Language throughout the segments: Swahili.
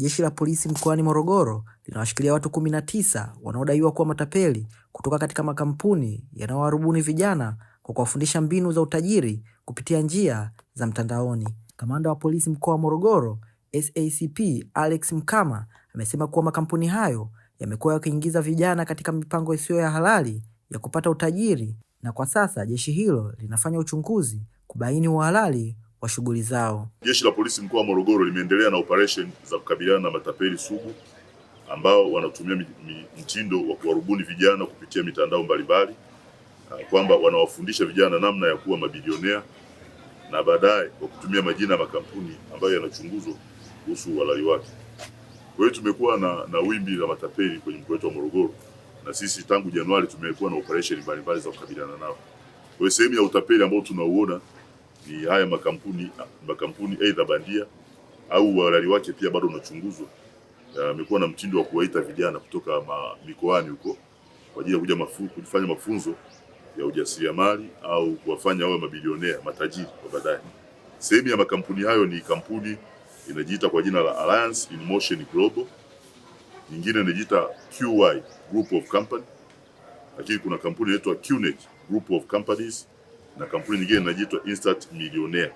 Jeshi la polisi mkoani Morogoro linawashikilia watu 19 wanaodaiwa kuwa matapeli kutoka katika makampuni yanayowarubuni vijana kwa kuwafundisha mbinu za utajiri kupitia njia za mtandaoni. Kamanda wa polisi mkoa wa Morogoro SACP Alex Mkama amesema kuwa makampuni hayo yamekuwa yakiingiza vijana katika mipango isiyo ya halali ya kupata utajiri na kwa sasa jeshi hilo linafanya uchunguzi kubaini uhalali wa shughuli zao. Jeshi la Polisi mkoa wa Morogoro limeendelea na operesheni za kukabiliana na matapeli sugu ambao wanatumia mtindo wa kuwarubuni vijana kupitia mitandao mbalimbali, ah, kwamba wanawafundisha vijana namna ya kuwa mabilionea na baadaye kwa kutumia majina ya makampuni ambayo yanachunguzwa kuhusu uhalali wake. Kwa hiyo tumekuwa na, na wimbi la matapeli kwenye mkoa wetu wa Morogoro, na sisi tangu Januari tumekuwa na operesheni mbalimbali za kukabiliana nao. Kwa hiyo sehemu ya utapeli ambao tunauona ni haya makampuni makampuni aidha bandia au walali wake pia bado unachunguzwa. Amekuwa na mtindo wa kuwaita vijana kutoka mikoani huko kwa ajili ya kuja mafu, kufanya mafunzo ya ujasiriamali au kuwafanya wawe mabilionea matajiri kwa baadaye. Sehemu ya makampuni hayo ni kampuni inajiita kwa jina la Alliance in Motion Global, nyingine inajiita QY Group of Company, lakini kuna kampuni inaitwa QNEC Group of Companies na kampuni nyingine inajitwa Instant Millionaire.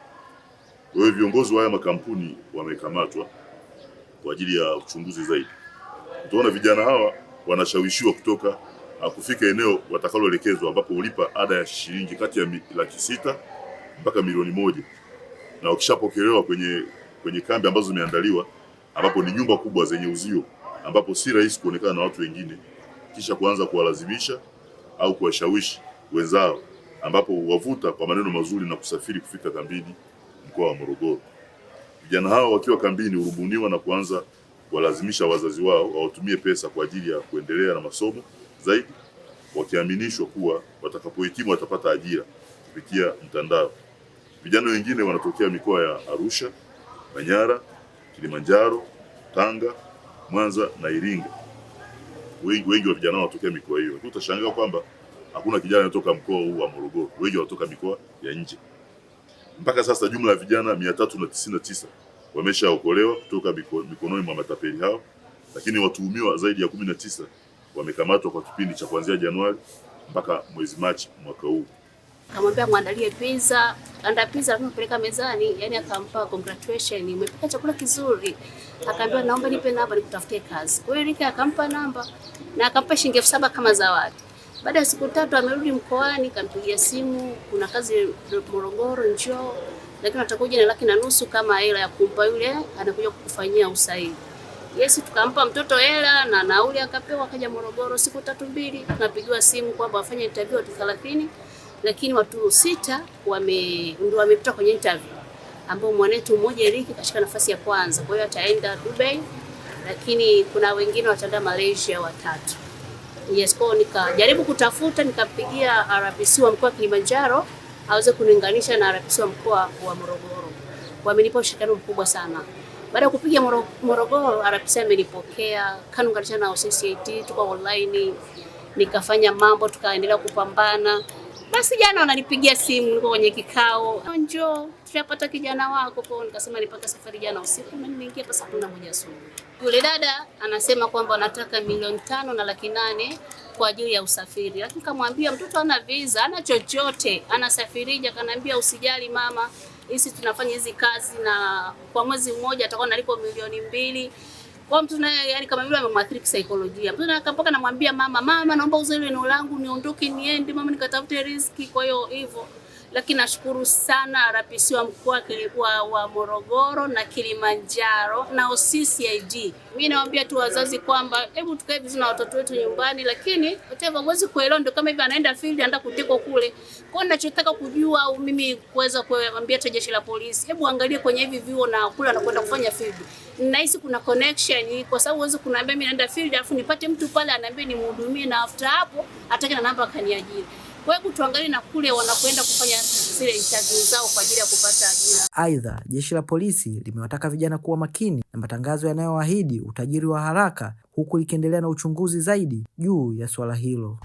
Kwa hiyo viongozi wa haya makampuni wamekamatwa kwa ajili ya uchunguzi zaidi. Utaona vijana hawa wanashawishiwa kutoka ah, kufika eneo watakaloelekezwa ambapo ulipa ada ya shilingi kati ya laki sita mpaka milioni moja na wakishapokelewa kwenye, kwenye kambi ambazo zimeandaliwa ambapo ni nyumba kubwa zenye uzio ambapo si rahisi kuonekana na watu wengine, kisha kuanza kuwalazimisha au kuwashawishi wenzao ambapo huwavuta kwa maneno mazuri na kusafiri kufika kambini mkoa wa Morogoro. Vijana hao wakiwa kambini hurubuniwa na kuanza kuwalazimisha wazazi wao wawatumie pesa kwa ajili ya kuendelea na masomo zaidi, wakiaminishwa kuwa watakapohitimu watapata ajira kupitia mtandao. Vijana wengine wanatokea mikoa ya Arusha, Manyara, Kilimanjaro, Tanga, Mwanza na Iringa. Wengi, wengi wa vijana wanatokea mikoa hiyo. Utashangaa kwamba hakuna kijana anatoka mkoa huu wa Morogoro, wengi wanatoka mikoa ya nje. Mpaka sasa jumla ya vijana mia tatu na tisini na tisa wameshaokolewa kutoka mikononi mwa matapeli hao, lakini watuhumiwa zaidi ya kumi na tisa wamekamatwa kwa kipindi cha kuanzia Januari mpaka mwezi Machi mwaka huu. Kamwambia mwandalie pizza, anda pizza alimpeleka mezani, yani akampa congratulation, umepika chakula kizuri. Akaambia naomba nipe namba nikutafutie kazi. Kwa hiyo Rika akampa namba na akampa shilingi elfu saba kama zawadi. Baada ya siku tatu amerudi mkoani, kampigia simu, kuna kazi Morogoro, njoo, lakini atakuja na laki na nusu kama hela ya kumpa yule anakuja kukufanyia usahihi. Yesi, tukampa mtoto hela na nauli akapewa, akaja Morogoro. Siku tatu mbili tunapigiwa simu kwamba wafanye interview watu 30, lakini watu sita wame ndio wamepita kwenye interview, ambao mwanetu mmoja Eriki kashika nafasi ya kwanza, kwa hiyo ataenda Dubai, lakini kuna wengine wataenda Malaysia watatu Yes, kwa nikajaribu kutafuta, nikampigia RPC wa mkoa wa Kilimanjaro aweze kuniunganisha na RPC wa mkoa wa Morogoro. Wamenipa ushirikiano mkubwa sana. Baada ya kupiga Morogoro, RPC amenipokea, kanunganisha na OCCIT, tuko online, nikafanya mambo, tukaendelea kupambana. Basi jana wananipigia simu, niko kwenye kikao, njoo tutapata kijana wako kwao. Nikasema nipata safari jana usiku na nimeingia pasa kuna moja asubuhi. Yule dada anasema kwamba anataka milioni tano na laki nane kwa ajili ya usafiri, lakini kamwambia mtoto ana visa, ana chochote, anasafirija. Kanaambia usijali mama, hisi tunafanya hizi kazi na kwa mwezi mmoja atakuwa nalipo milioni mbili kwa mtu naye yani kama vile amemwathiri kisaikolojia. Mtu naye mpaka namwambia mama, mama naomba uze ile eneo langu niondoke niende mama nikatafute riziki. Kwa hiyo hivyo lakini nashukuru sana RPC wa mkoa wa, wa Morogoro na Kilimanjaro na OCCID. Mimi naomba tu wazazi kwamba hebu tukae vizuri na watoto wetu nyumbani, lakini whatever huwezi kuelewa, ndio kama hivi anaenda field anaenda kutiko kule. Kwa hiyo ninachotaka kujua au mimi kuweza kuambia hata jeshi la polisi, hebu angalie kwenye hivi vyuo na kule anakwenda kufanya field. Ninahisi kuna connection kwa sababu huwezi kuniambia mimi naenda field afu nipate mtu pale anaambia nimhudumie na after hapo atake na namba kaniajiri. Kwa hiyo tuangalie na kule wanakwenda kufanya zile interview zao kwa ajili ya kupata ajira. Aidha, jeshi la polisi limewataka vijana kuwa makini na matangazo yanayoahidi utajiri wa haraka huku likiendelea na uchunguzi zaidi juu ya suala hilo.